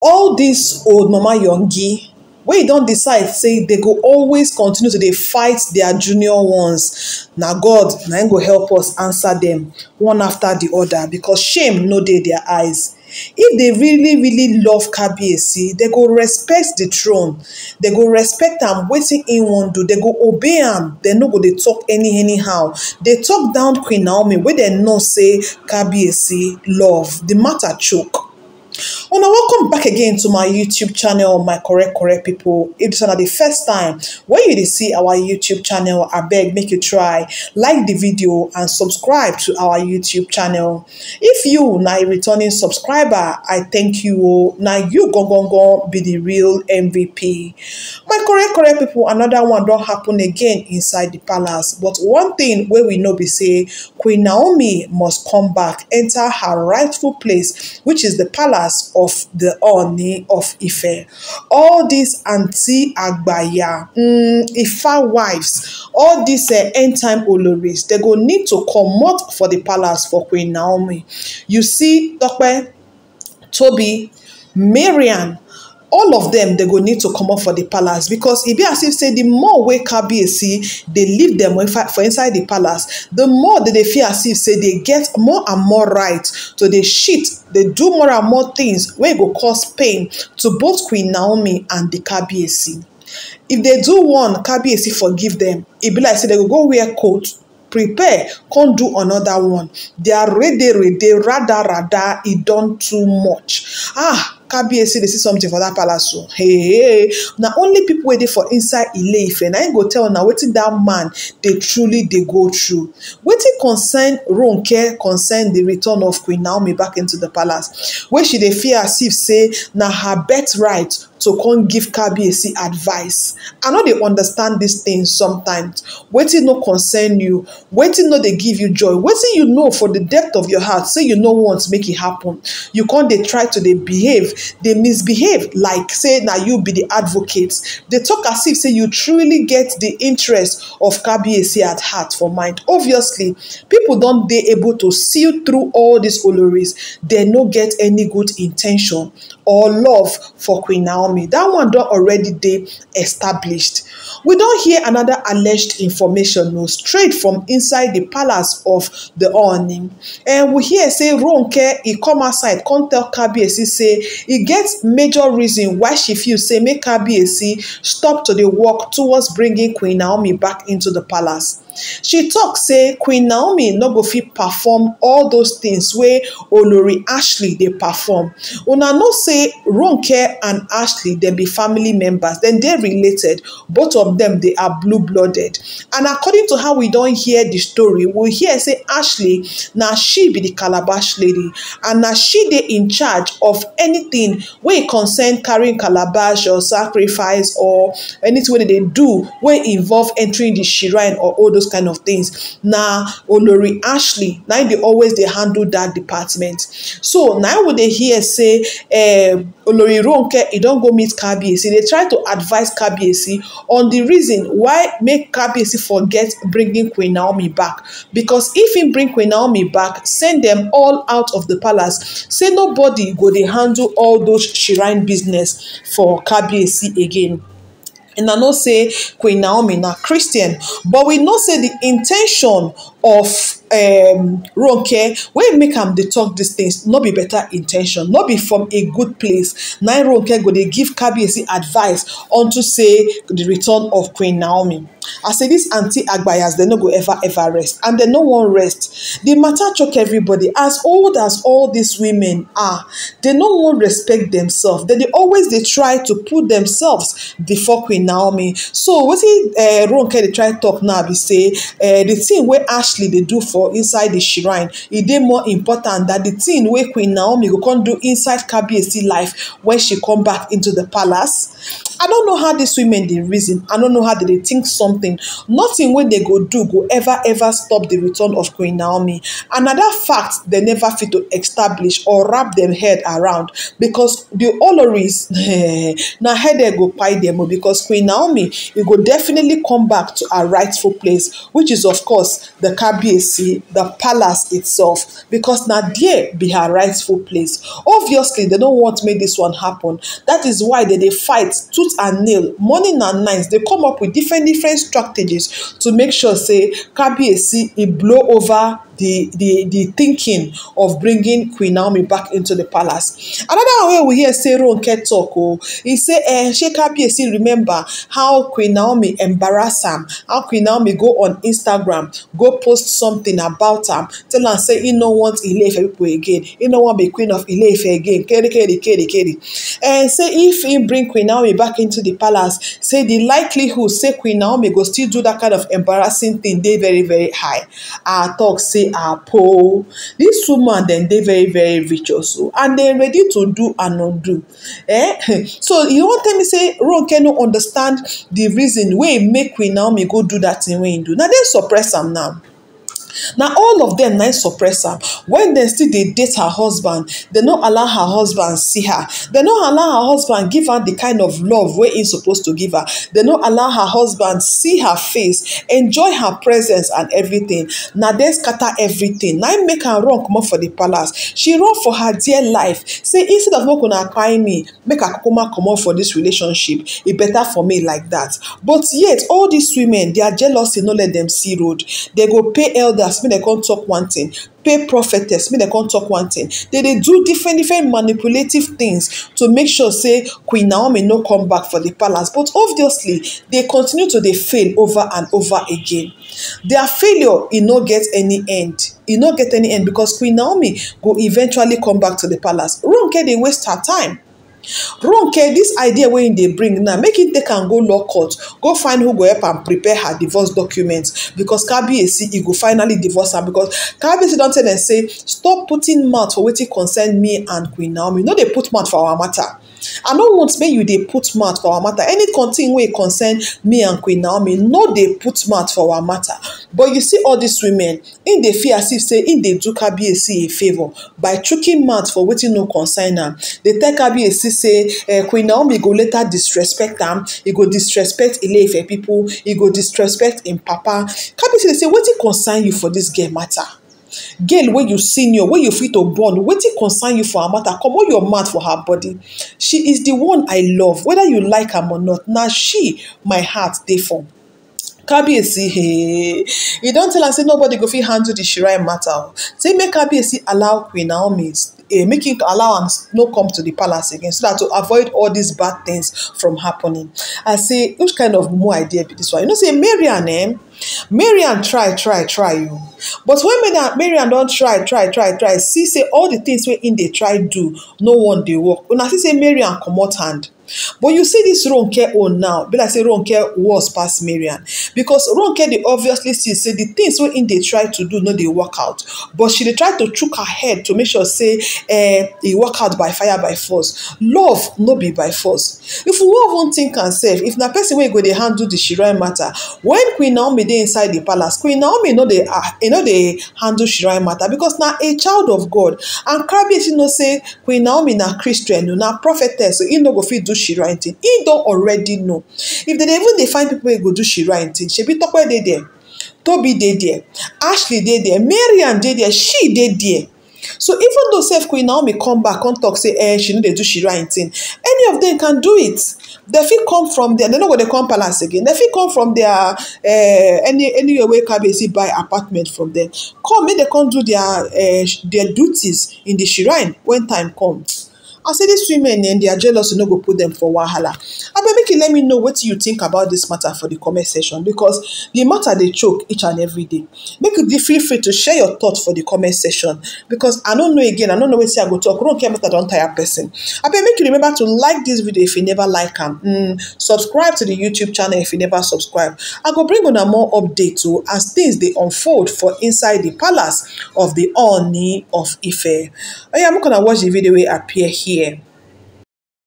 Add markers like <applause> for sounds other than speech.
all dis old mama yongi wey don decide say they go always continue to dey fight their junior ones na god na im go help us answer them one after the other. Because shame no dey their eyes if they really really love kabiyesi they go respect the throne They go respect am wetin im wan do They go obey am They no go dey talk any anyhow They talk down queen naomi wey dem know say kabiyesi love the matter choke Una welcome back again to my YouTube channel, my correct correct people. If this the first time when you see our YouTube channel, I beg make you try like the video and subscribe to our YouTube channel. If you now returning subscriber, I thank you. Now you go go go be the real MVP. My correct correct people, another one don't happen again inside the palace. But one thing where we know be say Queen Naomi must come back, enter her rightful place, which is the palace of the Oni of Ife. All these Auntie Agbaya, um, mm, Ifa wives, all these uh, end time Oloris, they go need to come out for the palace for Queen Naomi. You see, Tope, Toby, Marian, all of them, they go need to come up for the palace because e be as if say di more wey kabiyesi they leave dem for inside the palace The more dey dey feel as if say dey get more and more right to dey shit They do more and more things wey go cause pain to both queen naomi and the kabiyesi if they do one kabiyesi forgive them. e be like say dey go go wear coat prepare come do another one They are ready, ready. rada rada It e done too much ah kabiyesi dey see something for dat palace o hey hey na only pipo wey dey for inside ile ife na im go tell una wetin dat man dey truly dey go through wetin concern ronke concern di return of queen naomi back into di palace wey she dey fear as if say na her birthright to come give KBC advice i know they understand these things sometimes wetin no concern you wetin no they give you joy wetin you know for the depth of your heart say you know want make it happen you can't. They try to They behave They misbehave like say now you be the advocate They talk as if say you truly get the interest of KBC at heart for mind obviously people don't. They able to see through all these oloris They no get any good intention. or love for Queen Naomi. That one don already They established. We don't hear another alleged information no straight from inside the palace of the Ooni. And eh, we hear say Ronke e come outside come tell Kabiyesi say he gets major reason why she feels say make Kabiyesi stop to the work towards bringing Queen Naomi back into the palace. she talk say queen naomi no go fit perform all those things wey olori ashley dey perform una know say ronke and ashley dem be family members dem dey related both of dem dey are blue blooded and according to how we don hear di story we hear say ashley na she be di calabash lady and na she dey in charge of anything wey concern carrying calabash or sacrifice or anything wey dem dey do wey involve entering di shrine or all those those kind of things na olori ashley na im dey always dey handle that department so na we dey hear say eh, olori ronke e don go meet kabiyesi dey try to advise kabiyesi on the reason why make kabiyesi forget bringing queen naomi back because if im bring queen naomi back send dem all out of the palace say nobody go dey handle all those shrine business for kabiyesi again and I know say Queen Naomi na Christian, but we know say the intention of um ronke when make them dey talk dis things not be better intention not be from a good place wrong. ronke go they give kabiyesi advice on to say the return of queen naomi i say this anti agbayas They no go ever ever rest and they no want rest the matter choke everybody as old as all these women are they no wan respect themselves. They always they try to put themselves before queen naomi so what is wrong? ronke they try talk now be say eh, the thing where ashley they do for for inside the shrine e dey more important that the thing where queen naomi go come do inside kabiyesi life when she come back into the palace I don't know how these women the reason. I don't know how they think something. Nothing wey they go do go ever ever stop the return of Queen Naomi. Another fact they never fit to establish or wrap their head around because the now <laughs> na they go pay them oh, because Queen Naomi it go definitely come back to her rightful place which is of course the KBC, the palace itself because now there be her rightful place. Obviously they don't want make this one happen. That is why they they fight two. tooth and nail morning and night they come up with different different strategies to make sure say kabiyesi e blow over the, the, the thinking of bringing Queen Naomi back into the palace. Another way we hear say Ronke talk, oh, he say, eh, Sheikh Abiesi remember how Queen Naomi embarrass him? how Queen Naomi go on Instagram, go post something about him? tell him, say he no want Ile-Ife people again, he no want be Queen of ile again, keri keri keri keri. And eh, say if he bring Queen Naomi back into the palace, say the likelihood say Queen Naomi go still do that kind of embarrassing thing They very very high. Our talk say Are poor. dis woman then they very very rich also and dem ready to do and undo eh <laughs> so you want tell me say ronke no understand the reason wey make we now me go do that thing we do Now dem suppress am now Now all of them nice suppress her. When they still they date her husband they no allow her husband see her They no allow her husband give her the kind of love where he supposed to give her They no allow her husband see her face enjoy her presence and everything Now they scatter everything Now make her run more for the palace she run for her dear life say instead of gonna cry me make i come comot for this relationship It better for me like that. but yet all these women jealous. jealousy no let them see road They go pay elder elders make dem come talk one thing pay prophetess make dem come talk one thing They dey do different different manipulative things to make sure say queen naomi no come back for the palace but obviously they continue to dey fail over and over again Their failure e no get any end e no get any end because queen naomi go eventually come back to the palace ronke dey waste her time ronke dis idea wey im dey bring now make im take am go law court go find who go help am prepare her divorce documents because kabiyesi e go finally divorce am because kabiyesi don tell dem say stop putting mouth for wetin concern me and queen naomi no dey put mouth for our matter i no want make you dey put mouth for our matter any contin wey concern me and queen naomi no dey put mouth for our matter but you see all these women im dey feel as if say im dey do kabiyesi a favour by choking mouth for wetin no concern am dey tell kabiyesi say eh, queen naomi go later disrespect am e go disrespect ileife pipo e go disrespect im papa kabiyesi dey say wetin concern you for dis girl matter girl wey you senior wey you fit to born wetin concern you for her matter comot your mouth for her body she is the one i love whether you like am or not na she my heart dey for kabiyesi he e don tell am say nobody go fit handle the shrine matter say make kabiyesi allow queen naomi eh, make him allow am no come to the palace again so that to avoid all these bad things from happening i say which kind of more idea be this one you know say marian eh, marian try try try you oh. but when marian don try try try try see say all the things wey im dey try do no one dey work una see say marian comot hand But you see this Ronke own now, be like say Ronke was past Marian. Because Ronke they obviously see say the things when they try to do no they work out. But she they try to choke her head to make sure say eh, they work out by fire by force. Love no be by force. If we one think can save. if na person wey go they handle the Shirai matter, when Queen Naomi they inside the palace, Queen Naomi know they ah, you know they handle Shirai matter because na a child of God. And Kabiyesi know say Queen Naomi na Christian, na prophetess, so e no go fit do shira thing don't already know if they even they find people who go do shira thing talk where they there Toby dey there ashley they there Mary and there she dey there so even though self queen naomi come back and talk say eh she know they do shira thing any of them can do it They feel come from there They know where they come palace again They feel come from their eh, any anywhere wey see buy apartment from them. come they can come do eh, their duties in the shrine when time comes i say dis women are jealous. jealousy no go put them for wahala abeg make you let me know what you think about this matter for the comment section because the matter they choke each and every day make you feel free to share your thoughts for the comment section because i don't know again i don't know wetin i go talk Don't care about the entire person I abeg make you remember to like this video if you never like am mm, subscribe to the youtube channel if you never subscribe i go bring on a more update too oh, as things they unfold for inside the palace of the Oni of Ife. I'm oh, gonna watch the video appear here. लिए